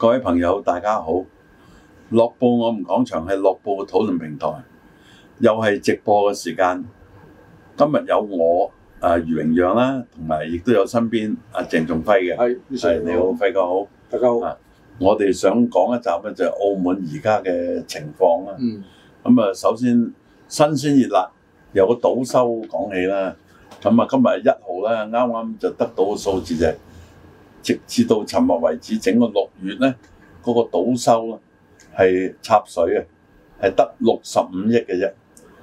各位朋友，大家好！樂報我們講場係樂報嘅討論平台，又係直播嘅時間。今日有我啊余榮陽啦，同埋亦都有身邊阿鄭仲輝嘅。係，你好，輝哥好，大家好。我哋想講一集咧，就係澳門而家嘅情況啦。咁啊、嗯，首先新鮮熱辣，有個賭收講起啦。咁啊，今日一號啦，啱啱就得到個數字啫。直至到尋日為止，整個六月呢，呢個賭收咧係插水啊，係得六十五億嘅啫。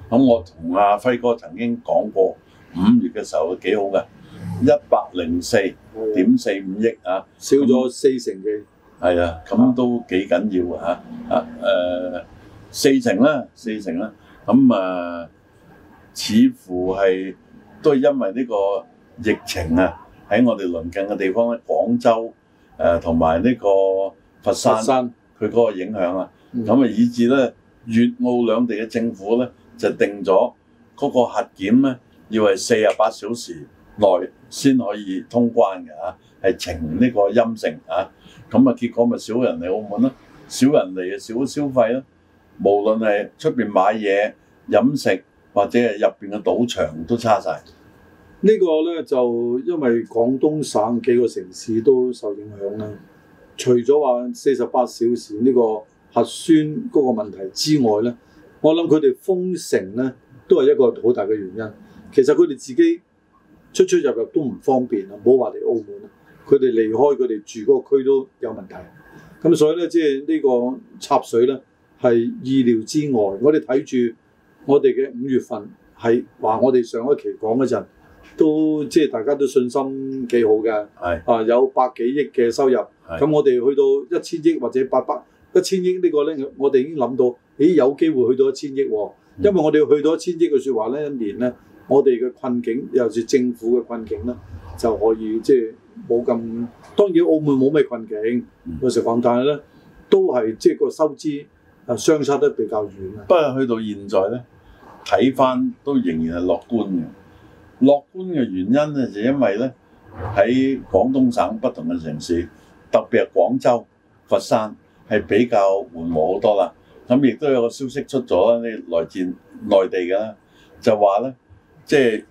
咁我同阿輝哥曾經講過，五月嘅時候幾好嘅，一百零四點四五億啊，少咗四成嘅，係啊，咁都幾緊要嘅嚇，啊誒，四成啦，四成啦，咁啊似乎係都係因為呢個疫情啊，喺我哋鄰近嘅地方咧，廣州誒同埋呢個佛山，佢嗰個影響啊，咁啊以至咧，粵澳兩地嘅政府咧就定咗嗰個核檢咧要係四十八小時內先可以通關嘅嚇，係呈呢個陰性嚇，咁啊結果咪少人嚟澳門咯，少人嚟啊少消費咯，無論係出邊買嘢、飲食或者係入邊嘅賭場都差曬。呢個呢，就因為廣東省幾個城市都受影響啦。除咗話四十八小時呢個核酸嗰個問題之外呢，我諗佢哋封城呢都係一個好大嘅原因。其實佢哋自己出出入入都唔方便啊！唔好話嚟澳門啦，佢哋離開佢哋住嗰個區都有問題。咁所以呢，即係呢個插水呢係意料之外。我哋睇住我哋嘅五月份係話，是我哋上一期講嗰陣。都即係大家都信心幾好嘅，係啊是有百幾億嘅收入，咁是我哋去到一千億或者八百一千億呢個咧，我哋已經諗到，咦有機會去到一千億喎、哦，嗯、因為我哋去到一千億嘅説話咧，一年咧，我哋嘅困境尤其是政府嘅困境啦，就可以即係冇咁當然澳門冇咩困境有，個情況，但係咧都係即係個收支啊相差得比較遠啊，不過去到現在咧睇翻都仍然係樂觀嘅。樂觀嘅原因咧，就因為咧喺廣東省不同嘅城市，特別係廣州、佛山係比較緩和好多啦。咁亦都有個消息出咗，啦，呢內戰內地嘅，就話咧，即、就、係、是、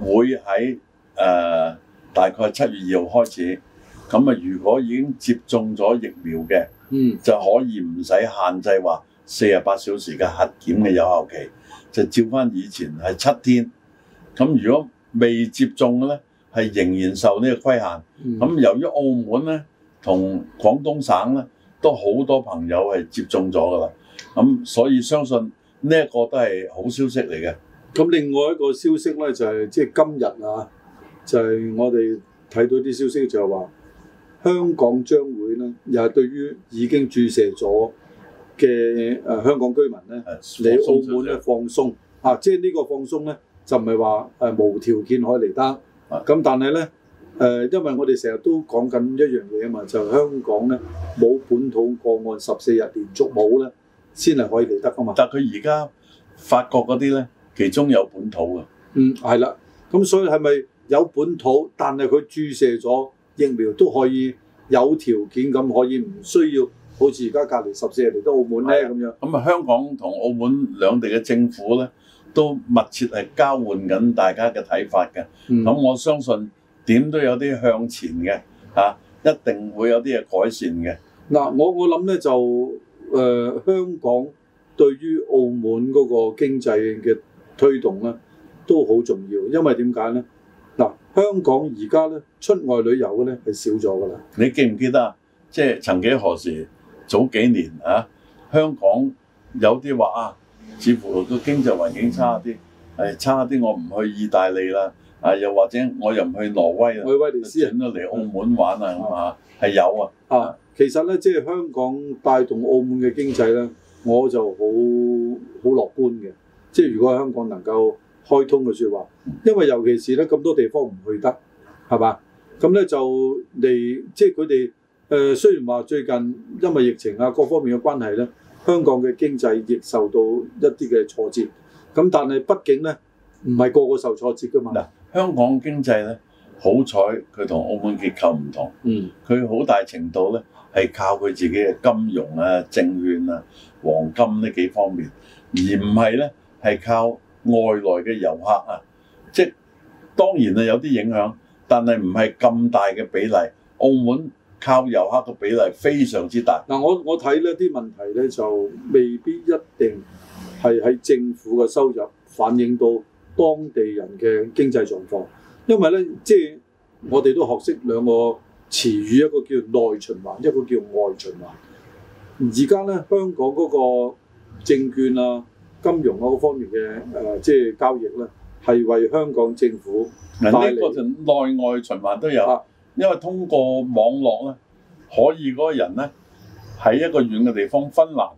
會喺誒、呃、大概七月二號開始。咁啊，如果已經接種咗疫苗嘅，嗯，就可以唔使限制話四十八小時嘅核檢嘅有效期，就照翻以前係七天。咁如果未接種嘅咧，係仍然受呢個規限。咁由於澳門咧同廣東省咧都好多朋友係接種咗噶啦，咁所以相信呢一個都係好消息嚟嘅。咁另外一個消息咧就係、是、即係今日啊，就係、是、我哋睇到啲消息就係話香港將會咧又係對於已經注射咗嘅誒香港居民咧，喺澳門咧放鬆啊！即係呢個放鬆咧。就唔係話誒無條件可以嚟得，咁但係咧、呃、因為我哋成日都講緊一樣嘢啊嘛，就香港咧冇本土個案十四日連續冇咧，先係可以嚟得噶嘛。但佢而家法國嗰啲咧，其中有本土啊，嗯，係啦。咁所以係咪有本土，但係佢注射咗疫苗都可以有條件咁可以唔需要好似而家隔離十四日嚟到澳門咧咁樣？咁啊，香港同澳門兩地嘅政府咧？都密切係交換緊大家嘅睇法嘅，咁、嗯、我相信點都有啲向前嘅嚇、啊，一定會有啲嘢改善嘅。嗱、嗯，我我諗咧就誒、呃、香港對於澳門嗰個經濟嘅推動咧都好重要，因為點解咧？嗱、啊，香港而家咧出外旅遊咧係少咗噶啦。你記唔記得啊？即、就、係、是、曾幾何時早幾年啊？香港有啲話啊。似乎都經濟環境差啲，誒，哎，差啲我唔去意大利啦，啊又或者我又唔去挪威啦，威尼斯人轉咗嚟澳門玩啊咁啊，係有啊。啊，其實咧即係香港帶動澳門嘅經濟咧，我就好好樂觀嘅。即係如果香港能夠開通嘅説話，因為尤其是咧咁多地方唔去得，係嘛？咁咧就嚟即係佢哋誒雖然話最近因為疫情啊各方面嘅關係咧。香港嘅經濟亦受到一啲嘅挫折，咁但係畢竟呢，唔係個個受挫折㗎嘛。嗱，香港經濟呢，好彩佢同澳門結構唔同，嗯，佢好大程度呢係靠佢自己嘅金融啊、證券啊、黃金呢幾方面，而唔係呢係靠外來嘅遊客啊，即當然係有啲影響，但係唔係咁大嘅比例。澳門靠遊客嘅比例非常之大。嗱、啊，我我睇呢啲問題咧就未必一定係喺政府嘅收入反映到當地人嘅經濟狀況，因為咧即係我哋都學識兩個詞語，一個叫內循環，一個叫外循環。而家咧香港嗰個證券啊、金融啊方面嘅誒、呃、即係交易咧，係為香港政府帶嚟。呢個就內外循環都有。啊因為通過網絡咧，可以嗰個人咧喺一個遠嘅地方分，分流。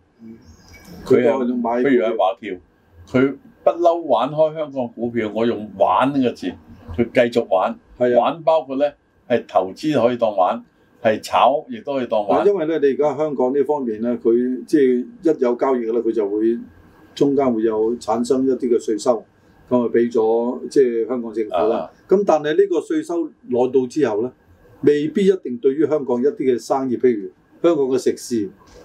佢啊，買，譬如喺華僑，佢不嬲玩開香港股票，我用玩呢個字，佢繼續玩，係呀，玩包括咧係投資可以當玩，係炒亦都可以當玩。因為咧，你而家香港呢方面咧，佢即係一有交易嘅咧，佢就會中間會有產生一啲嘅稅收，咁啊俾咗即係香港政府啦。咁、啊、但係呢個稅收攞到之後咧？未必一定對於香港一啲嘅生意，譬如香港嘅食肆，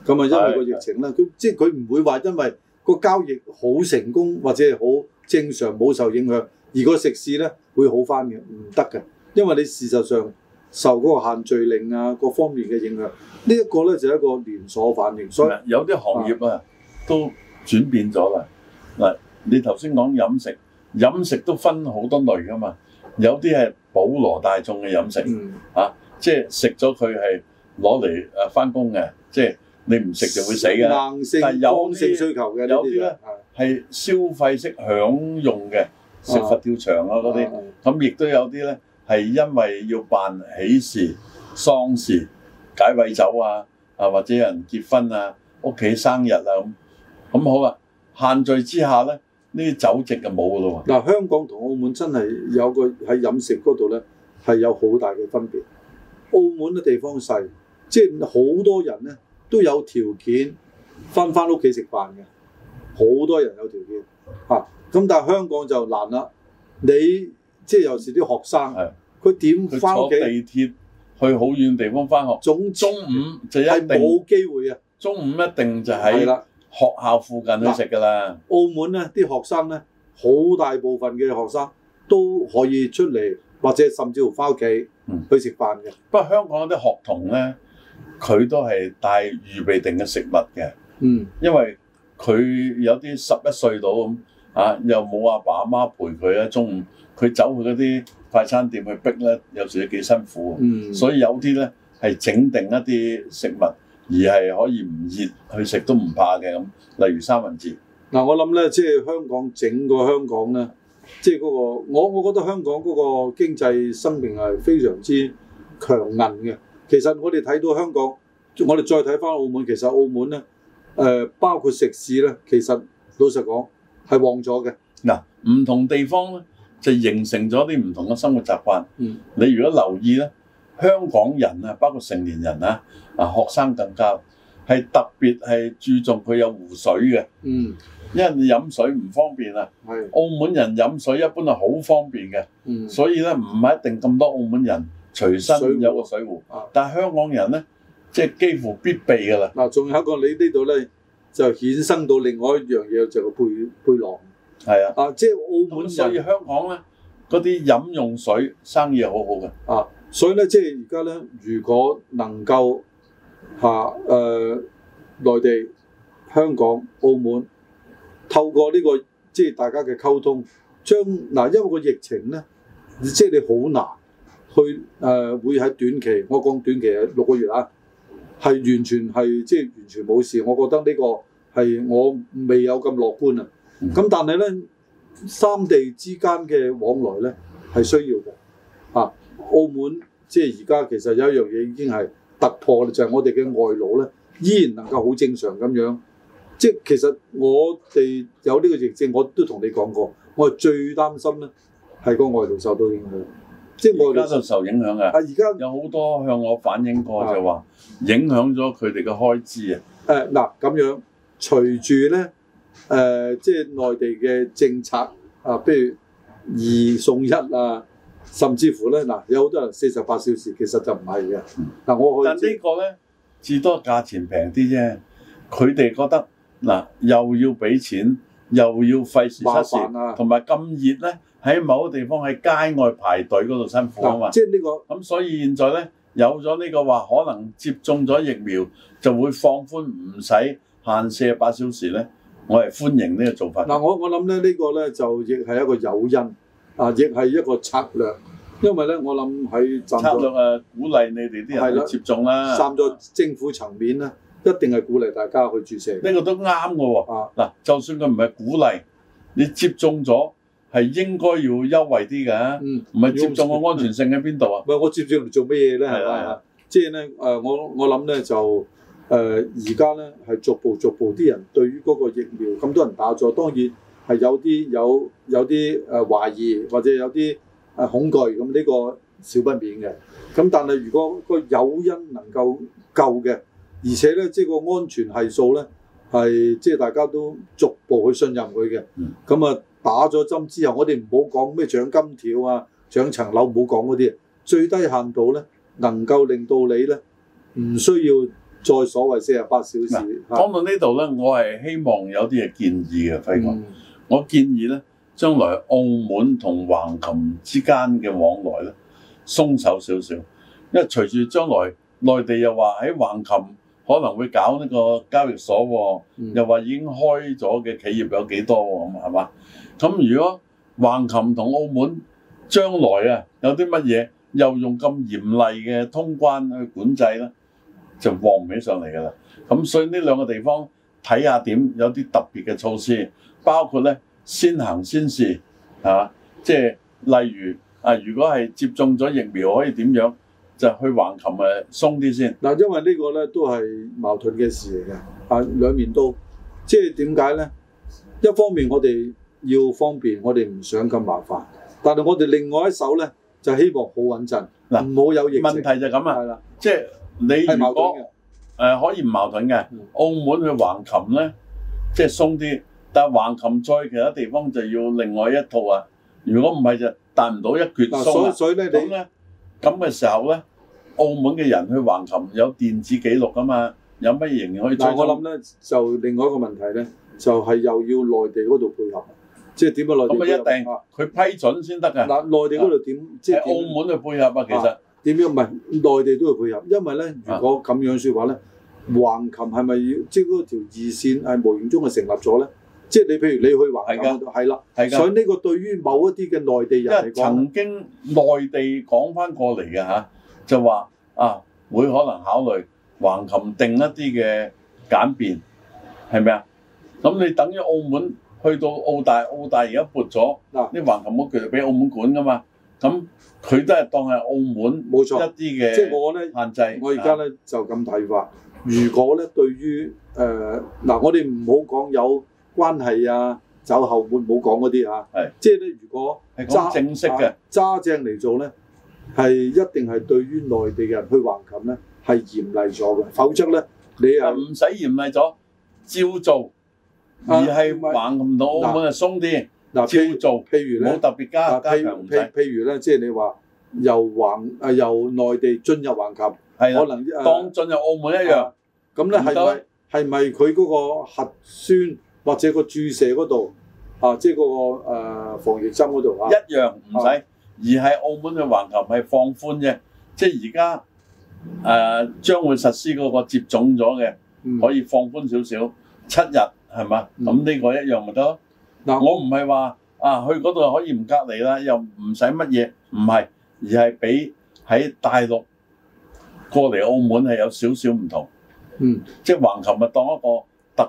咁啊因為個疫情啦，佢即係佢唔會話因為個交易好成功或者係好正常冇受影響，而個食肆咧會好翻嘅，唔得嘅，因為你事實上受嗰個限聚令啊各方面嘅影響，呢一個咧就係一個連鎖反應，的所以有啲行業啊的都轉變咗啦。嗱，你頭先講飲食，飲食都分好多類噶嘛，有啲係。普羅大眾嘅飲食，即係食咗佢係攞嚟返翻工嘅，即係、嗯、你唔食就會死嘅。性但係剛性需求嘅。有啲咧係消費式享用嘅，啊、食佛跳牆啊嗰啲，咁亦都有啲咧係因為要辦喜事、喪事、解穢酒啊啊或者有人結婚啊、屋企生日啊咁，咁好啊！限聚之下咧。嗯呢啲酒席就冇噶咯喎！嗱，香港同澳門真係有個喺飲食嗰度咧，係有好大嘅分別。澳門嘅地方細，即係好多人咧都有條件翻翻屋企食飯嘅，好多人有條件啊。咁但係香港就難啦。你即係有時啲學生，佢點翻屋企？坐地鐵去好遠地方翻學。中午就一定冇機會啊！中午一定就係、係。係學校附近都食噶啦。澳門咧，啲學生咧，好大部分嘅學生都可以出嚟，或者甚至乎翻屋企去食飯嘅。不過，嗯，香港啲學童咧，佢都係帶預備定嘅食物嘅。嗯，因為佢有啲十一歲到咁啊，又冇阿爸阿媽陪佢咧，中午佢走去嗰啲快餐店去逼咧，有時都幾辛苦。嗯，所以有啲咧係整定一啲食物。而係可以唔熱去食都唔怕嘅咁，例如三文治。嗱、啊，我諗咧，即、就、係、是、香港整個香港咧，即係嗰個我，我覺得香港嗰個經濟生命係非常之強硬嘅。其實我哋睇到香港，我哋再睇返澳門，其實澳門咧，誒、呃，包括食肆咧，其實老實講係旺咗嘅。嗱、啊，唔同地方咧就形成咗啲唔同嘅生活習慣。嗯，你如果留意咧。香港人啊，包括成年人啊，啊學生更加係特別係注重佢有湖水嘅，嗯，因為你飲水唔方便啊，係嘅。澳門人飲水一般係好方便嘅，嗯，所以咧唔係一定咁多澳門人隨身有個水壺，水啊，但係香港人咧即係幾乎必備㗎啦。嗱，仲有一個你這呢度咧就衍生到另外一樣嘢，就係背背囊，係嘅啊，啊即係澳門。澳門所以香港咧嗰啲飲用水生意係好好嘅，啊。所以咧，即係而家咧，如果能夠嚇誒、啊呃、內地、香港、澳門透過呢、這個即係、就是、大家嘅溝通，將嗱、啊，因為個疫情咧，即、就、係、是、你好難去誒、啊、會喺短期，我講短期係六個月啦，係完全係即係完全冇事。我覺得呢個係我未有咁樂觀啊。咁但係咧，三地之間嘅往來咧係需要嘅啊。澳門即係而家其實有一樣嘢已經係突破啦，就係、是、我哋嘅外勞咧，依然能夠好正常咁樣。即係其實我哋有呢個疫症，我都同你講過，我係最擔心咧係個外勞受到影響，即係外家受受影響在啊！啊，而家有好多向我反映過是就話影響咗佢哋嘅開支、呃、啊。誒嗱咁樣，隨住咧誒即係內地嘅政策啊，譬如二送一啊。甚至乎咧，嗱有好多人四十八小時其實就唔係嘅。嗱、嗯、我，但這個呢個咧至多價錢平啲啫。佢哋覺得嗱又要俾錢，又要費時失事，同埋咁熱咧，喺某啲地方喺街外排隊嗰度辛苦啊嘛。即係呢、這個咁、啊，所以現在咧有咗呢個話，可能接種咗疫苗就會放寬，唔使限四十八小時咧，我係歡迎呢個做法。嗱我我諗咧呢、這個咧就亦係一個誘因。啊，亦係一個策略，因為咧，我諗喺策略啊，鼓勵你哋啲人去接種啦、啊。三咗、啊、政府層面咧，一定係鼓勵大家去注射。呢個都啱嘅喎。啊，嗱、啊，就算佢唔係鼓勵，你接種咗係應該要優惠啲嘅。唔係、嗯、接種嘅安全性喺邊度啊？唔係、嗯嗯嗯嗯、我接住嚟做咩嘢咧？係啦，即係咧，誒、呃，我我諗咧就誒，而家咧係逐步逐步啲人對於嗰個疫苗咁多人打咗，當然。係有啲有有啲誒、呃、懷疑或者有啲誒、呃、恐懼咁呢、呢個少不免嘅。咁但係如果、個誘因能夠夠嘅，而且咧即係個安全係數咧係即係大家都逐步去信任佢嘅。咁啊、嗯、打咗針之後，我哋唔好講咩獎金條啊、獎層樓，唔好講嗰啲。最低限度咧，能夠令到你咧唔需要再所謂四十八小時。講到這裏呢度咧，是我係希望有啲嘢建議嘅，輝哥。嗯我建議咧，將來澳門同橫琴之間嘅往來咧，鬆手少少，因為隨住將來內地又話喺橫琴可能會搞呢個交易所、哦嗯、又話已經開咗嘅企業有幾多喎，咁係嘛？咁如果橫琴同澳門將來啊有啲乜嘢，又用咁嚴厲嘅通關去管制咧，就旺唔起上嚟㗎啦。咁所以呢兩個地方睇下點，有啲特別嘅措施。包括咧，先行先試，嚇、啊，即係例如啊，如果係接種咗疫苗，可以點樣就去橫琴咪、啊、鬆啲先？嗱，因為這個呢個咧都係矛盾嘅事嚟嘅，啊兩面都。即係點解咧？一方面我哋要方便，我哋唔想咁麻煩，但係我哋另外一手咧就希望好穩陣，嗱唔好、啊、有疫情問題就咁啊，了即係你如果誒、啊、可以唔矛盾嘅，嗯、澳門去橫琴咧，即係鬆啲。但係橫琴再其他地方就要另外一套啊！如果唔係就達唔到一決輸啊！咁咧咁嘅時候咧，澳門嘅人去橫琴有電子記錄㗎嘛，有乜嘢仍然可以做？但係我諗咧，就另外一個問題咧，就係又要內地嗰度配合，即係點樣內地？咁啊一定，佢批准先得㗎。嗱，內地嗰度點？即係澳門去配合啊，其實點樣唔係內地都要配合，因為咧，如果咁樣説話咧，橫琴係咪要即係嗰條二線係無形中係成立咗咧？即係你譬如你去橫琴係㗎，係啦，所以呢個對於某一啲嘅內地人嚟講，曾經內地講翻過嚟嘅嚇，就話啊，會可能考慮橫琴定一啲嘅簡便係咪啊？咁你等於澳門去到澳大，澳大而家撥咗啲、啊、橫琴屋其實俾澳門管㗎嘛？咁佢都係當係澳門冇錯，一啲嘅限制。即我而家咧就咁睇法。如果咧對於誒嗱、呃啊，我哋唔好講有。關係啊，走後門唔好講嗰啲啊，係即係咧，如果正式嘅揸正嚟做咧，係一定係對於內地嘅人去橫琴咧係嚴厲咗嘅，否則咧你啊唔使嚴厲咗，照做而係橫咁多澳門啊鬆啲，嗱照做，譬如咧冇特別加加量唔使。譬如咧，即係你話由橫啊由內地進入橫琴，可能當進入澳門一樣，咁咧係咪係咪佢嗰個核酸？或者個注射嗰度，啊，即係嗰個、呃、防疫針嗰度、啊，一樣唔使，的而喺澳門嘅橫琴係放寬嘅，即係而家誒將會實施嗰個接種咗嘅，嗯、可以放寬少少七日係嘛？咁呢、嗯、個一樣咪得？嗱，我唔係話啊去嗰度可以唔、嗯啊、隔離啦，又唔使乜嘢，唔係，而係畀喺大陸過嚟澳門係有少少唔同，嗯，即係橫琴咪當一個。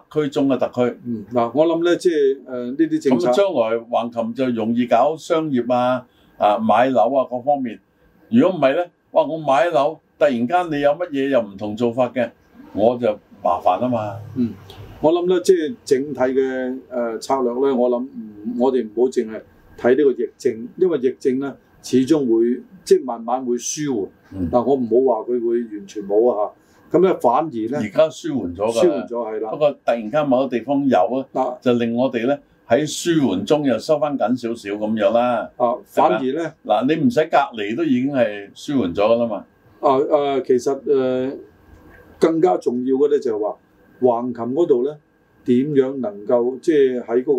特區中嘅特區，嗱、嗯、我諗咧，即係誒呢啲政策。咁啊，將來橫琴就容易搞商業啊，啊買樓啊各方面。如果唔係咧，哇！我買樓，突然間你有乜嘢又唔同做法嘅，我就麻煩啊嘛。嗯，我諗咧，即係整體嘅誒、呃、策略咧，我諗，我哋唔好淨係睇呢個疫症，因為疫症咧始終會即係慢慢會舒緩、啊。嗯、但我唔好話佢會完全冇啊。咁咧反而咧，而家舒緩咗㗎，舒緩咗係喇，不過突然間某個地方有啊，就令我哋咧喺舒緩中又收翻緊少少咁樣啦。啊，反而咧，嗱、啊、你唔使隔離都已經係舒緩咗㗎啦嘛。啊啊，其實誒、呃、更加重要嘅咧就係話橫琴嗰度咧點樣能夠即係喺嗰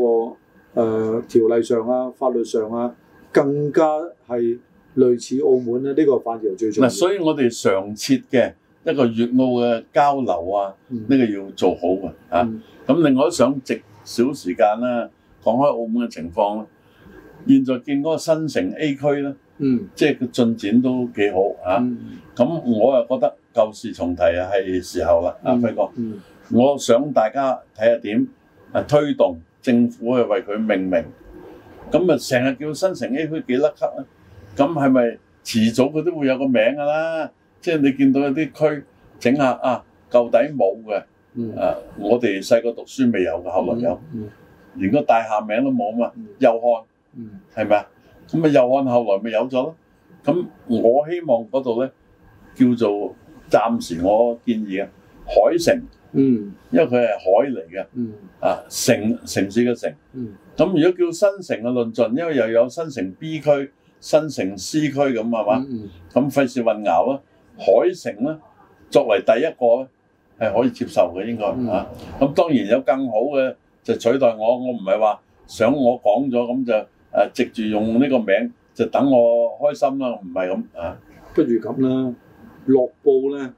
個誒、呃、條例上啊法律上啊更加係類似澳門咧、啊，呢、呢個反而係最重要的。嗱，所以我哋常設嘅。一個粵澳嘅交流啊，呢個要做好嘅嚇。咁另外都想藉少時間啦，講開澳門嘅情況啦。現在見嗰個新城 A 區咧，即係個進展都幾好嚇。咁我又覺得舊事重提係時候啦，阿輝哥。我想大家睇下點啊推動政府去為佢命名。咁啊成日叫新城 A 區幾甩級啊？咁係咪遲早佢都會有個名㗎啦？即係你見到有啲區整下啊，舊底冇嘅，啊，我哋細個讀書未有嘅，後來有，連個大廈名都冇啊嘛。右岸，係咪啊？咁啊，右岸後來咪有咗咯。咁我希望嗰度咧叫做暫時我建議嘅海城，嗯，因為佢係海嚟嘅，啊，城城市嘅城。咁如果叫新城嘅論盡，因為又有新城 B 區、新城 C 區咁係嘛，咁費事混淆啊！海城咧，作為第一個咧，係可以接受嘅應該嚇。咁、嗯啊、當然有更好嘅就取代我，我唔係話想我講咗咁就誒、呃、藉住用呢個名就等我開心啦，唔係咁啊。不如咁啦，樂報咧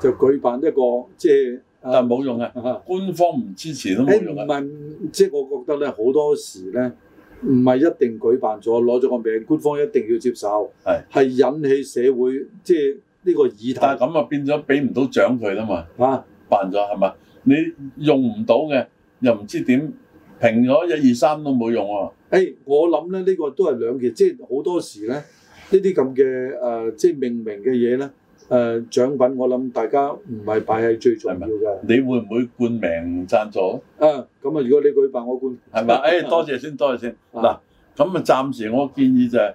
就舉辦一個即係，但係冇用嘅，嗯、官方唔支持都冇用嘅。唔係即係我覺得咧，好多時咧唔係一定舉辦咗攞咗個名，官方一定要接受係係是引起社會即係。呢個議題，但係咁啊變咗俾唔到獎佢啦嘛，啊，辦咗係嘛？你用唔到嘅，又唔知點平咗一二三都冇用喎、啊。誒、哎，我諗咧呢、這個都係兩件，即係好多時咧呢啲咁嘅誒，即係命名嘅嘢咧誒獎品，我諗大家唔係擺喺最重要嘅。你會唔會冠名贊助？啊，咁啊，如果你舉辦我冠，係咪吧？誒、哎，多謝先，多謝先。嗱，咁啊，暫、啊、時我建議就係、是。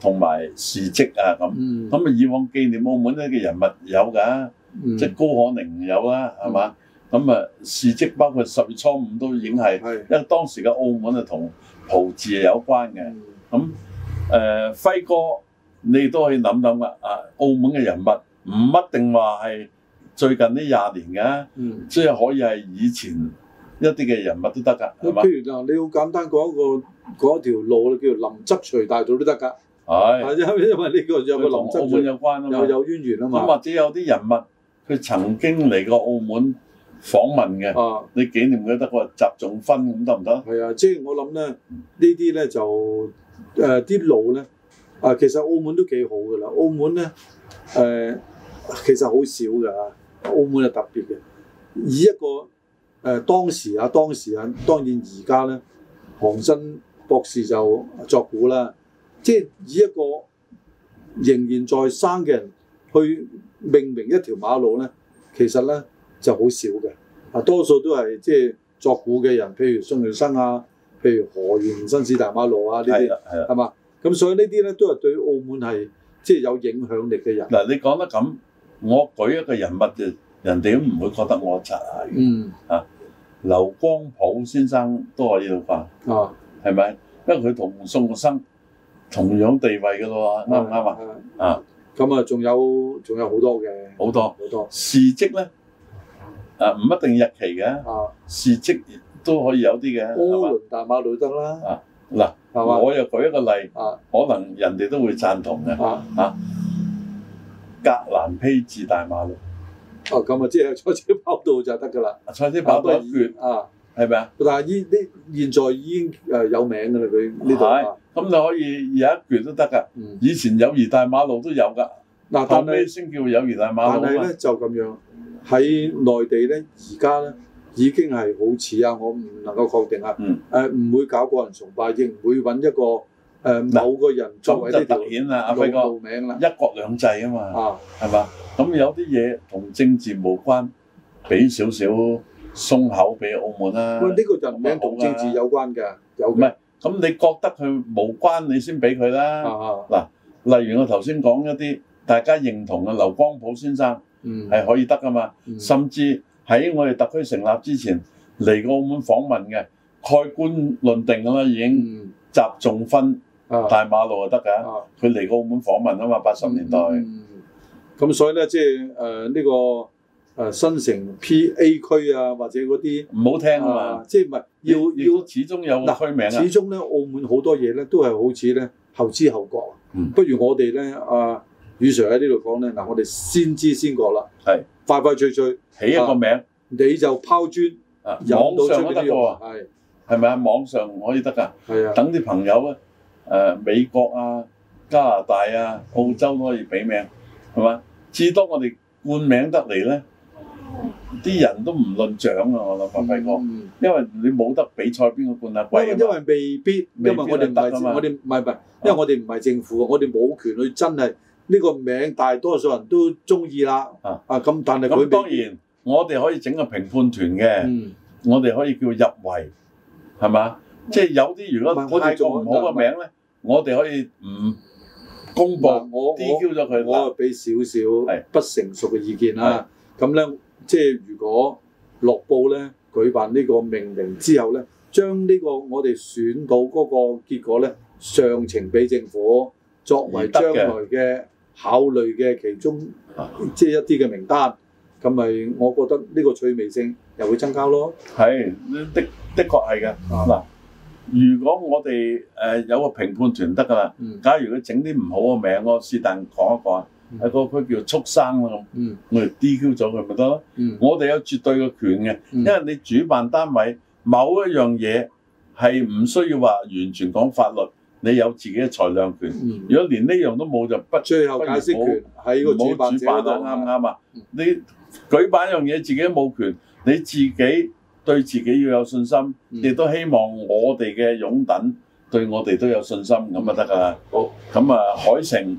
同埋事蹟啊，咁咁啊，嗯、以往紀念澳門呢嘅人物有㗎、啊，嗯、即係高可寧有啦，係嘛？咁啊，事蹟、嗯、包括十月初五都已經係，嗯、因為當時嘅澳門啊同葡治係有關嘅。咁誒、嗯嗯呃，輝哥，你都可以諗諗啦，啊，澳門嘅人物唔一定話係最近呢廿年㗎、啊，即係、嗯、可以係以前一啲嘅人物都得㗎，譬、嗯、吧如嗱，你好簡單講一個講一條路啦，叫林則徐大道都得㗎。係，係因、哎、因為呢個有個同澳門有關有淵源啊嘛。咁或者有啲人物佢曾經嚟過澳門訪問嘅，你紀念佢得喎，習仲勳咁得唔得？係啊，即係、啊就是、我諗咧，呢啲咧就誒啲路咧，啊、呃呃、其實澳門都幾好㗎啦。澳門咧誒、呃、其實好少㗎，澳門係特別嘅，以一個誒當時啊，當時啊，當然而家咧，黃生博士就作古啦。即係以一個仍然在生嘅人去命名一條馬路咧，其實咧就好少嘅。啊，多數都係即係作古嘅人，譬如宋玉生啊，譬如何賢紳士大馬路啊呢啲，係嘛？咁、啊啊、所以這些呢啲咧都係對澳門係即係有影響力嘅人。嗱，你講得咁，我舉一個人物就人哋都唔會覺得我柒下嘅。嗯。啊，劉光普先生都可以攞翻。哦、啊。係咪？因為佢同宋玉生。同樣地位嘅咯喎，啱唔啱啊？啊，咁啊，仲有仲有好多嘅，好多好多事蹟咧，啊，唔一定日期嘅，啊，事蹟都可以有啲嘅，歐聯大馬路得啦，啊，嗱，我又舉一個例，啊，可能人哋都會贊同嘅，啊，格蘭披治大馬路，哦，咁啊，即係賽車跑道就得噶啦，賽車跑道二月啊。係咪啊？但係依啲現在已經誒有名嘅啦，佢呢度啊。係，咁就可以有一拳都得㗎。以前友誼大馬路都有㗎。嗱，但係咩先叫友誼大馬路啊？但係咧就咁樣喺內地咧，而家咧已經係好似啊，我唔能夠確定啊。嗯。誒唔會搞個人崇拜，亦唔會揾一個誒某個人作為呢條。咁就特顯啦，阿輝哥。名啦，一國兩制啊嘛。啊。係嘛？咁有啲嘢同政治無關，俾少少。鬆口俾澳門啦！喂，呢個人名同政治有關㗎，有唔係？咁你覺得佢無關，你先俾佢啦。嗱，例如我頭先講一啲大家認同嘅劉光普先生，嗯，係可以得㗎嘛。甚至喺我哋特區成立之前嚟過澳門訪問嘅，蓋棺論定㗎啦，已經集中分大馬路就得㗎。佢嚟過澳門訪問啊嘛，八十年代。咁所以咧，即係誒呢個。誒新城 P A 區啊，或者嗰啲唔好聽啊，即係唔係要要始終有得開名，始終咧澳門好多嘢咧都係好似咧後知後覺。嗯，不如我哋咧，阿宇 Sir 喺呢度講咧，嗱我哋先知先覺啦，係快快脆脆起一個名，你就拋磚啊，網上都得㗎喎，係咪啊？網上可以得㗎，係啊，等啲朋友啊，誒美國啊、加拿大啊、澳洲都可以俾名，係嘛？至多我哋冠名得嚟咧。啲人都唔論獎啊！我諗阿輝哥，因為你冇得比賽，邊個冠亞季軍？因為未必，因為我哋唔我哋唔係唔係，因為我哋唔係政府，我哋冇權去真係呢個名。大多數人都中意啦。啊咁，但係咁當然，我哋可以整個評判團嘅。我哋可以叫入圍，係嘛？即係有啲如果我哋做唔好個名咧，我哋可以唔公佈。我咗我我俾少少不成熟嘅意見啦。咁咧。即係如果樂報咧舉辦呢個命令之後咧，將呢個我哋選到嗰個結果咧上呈俾政府作為將來嘅考慮嘅其中即係一啲嘅名單，咁咪、啊、我覺得呢個趣味性又會增加咯。係的的確係㗎。嗱、嗯，如果我哋、呃、有個評判團得㗎啦，嗯、假如佢整啲唔好嘅名，我是但講一講。喺個區叫畜生啦咁，我哋 DQ 咗佢咪得咯？我哋有絕對嘅權嘅，因為你主辦單位某一樣嘢係唔需要話完全講法律，你有自己嘅裁量權。如果連呢樣都冇，就不不如冇唔好主辦啊！啱唔啱啊？你舉辦一樣嘢自己冇權，你自己對自己要有信心，亦都希望我哋嘅擁躉對我哋都有信心，咁就得㗎啦。好，咁啊海城。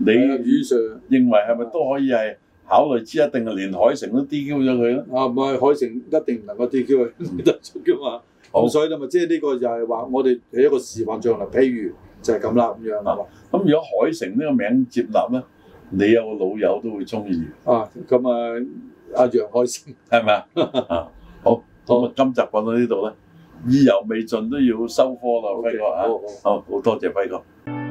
你以上認為係咪都可以係考慮之？一定係連海城都 DQ 咗佢咧。啊，唔係海城一定唔能夠 DQ 佢嘅嘛。咁所以咪即係呢個就係話我哋係一個試幻象示範作用啦。譬如就係咁啦，咁樣係咁，如果海城呢個名接納咧，你有個老友都會中意。啊，咁啊，阿楊海城係咪啊？好。咁啊，今集講到呢度咧，意猶未盡都要收科啦，輝哥。好好，好，好多謝輝哥。